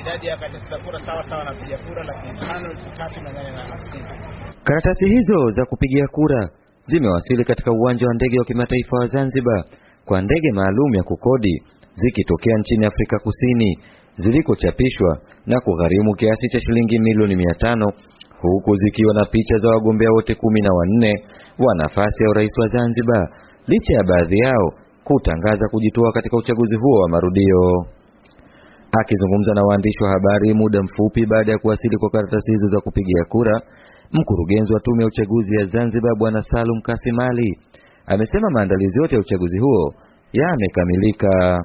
idadi ya karatasi za kura sawa sawa na piga kura laki tano elfu tatu mia nane na Karatasi hizo za kupigia kura zimewasili katika uwanja wa ndege wa kimataifa wa Zanzibar kwa ndege maalum ya kukodi zikitokea nchini Afrika Kusini zilikochapishwa na kugharimu kiasi cha shilingi milioni mia tano huku zikiwa na picha za wagombea wote kumi na wanne wa nafasi ya urais wa Zanzibar licha ya baadhi yao kutangaza kujitoa katika uchaguzi huo wa marudio. Akizungumza na waandishi wa habari muda mfupi baada ya kuwasili kwa karatasi hizo za kupigia kura, mkurugenzi wa tume ya uchaguzi ya Zanzibar Bwana Salum Kasim Ali amesema maandalizi yote ya uchaguzi huo yamekamilika.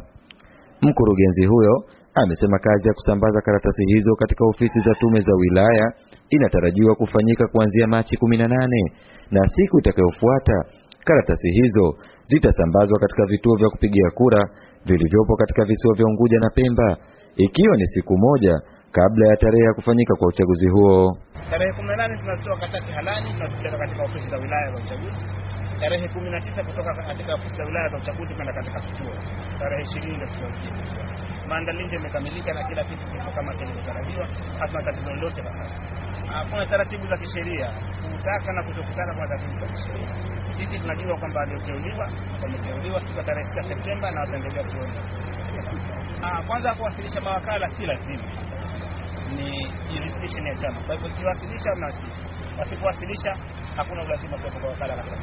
Mkurugenzi huyo amesema kazi ya kusambaza karatasi hizo katika ofisi za tume za wilaya inatarajiwa kufanyika kuanzia Machi 18 na siku itakayofuata karatasi hizo zitasambazwa katika vituo vya kupigia kura vilivyopo katika visiwa vya Unguja na Pemba ikiwa ni siku moja kabla ya tarehe ya kufanyika kwa uchaguzi huo. Tarehe 18 tunazitoa katati halali tunazipeleka katika ofisi za wilaya za uchaguzi. Tarehe 19 kutoka katika ofisi za wilaya za uchaguzi kwenda katika kituo. Tarehe 20 ndio siku maandalizi yamekamilika na kila kitu kiko kama kilivyotarajiwa. Hakuna tatizo lolote kwa sasa. Hakuna taratibu za kisheria, kutaka na kutokutaka kwa taratibu za kisheria. Sisi tunajua kwamba walioteuliwa wameteuliwa siku ya tarehe 6 Septemba na wataendelea kuona Ah, kwanza kuwasilisha mawakala si lazima, ni jurisdiction ya chama. Kwa hivyo ukiwasilisha, mnawasilisha, wasipowasilisha hakuna ulazima kuwepo kwa wakala katika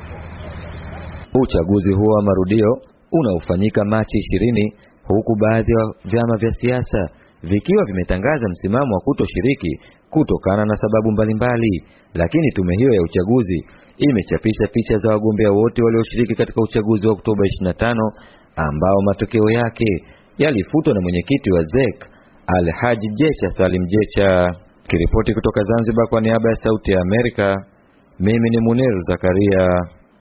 uchaguzi huo wa marudio unaofanyika Machi ishirini, huku baadhi ya vyama vya siasa vikiwa vimetangaza msimamo wa kutoshiriki kutokana na sababu mbalimbali, lakini tume hiyo ya uchaguzi imechapisha picha za wagombea wote walioshiriki katika uchaguzi wa Oktoba 25 ambao matokeo yake yalifutwa na mwenyekiti wa ZEC Alhaji Jecha Salim Jecha. Kiripoti kutoka Zanzibar kwa niaba ya Sauti ya Amerika, mimi ni Muniru Zakaria.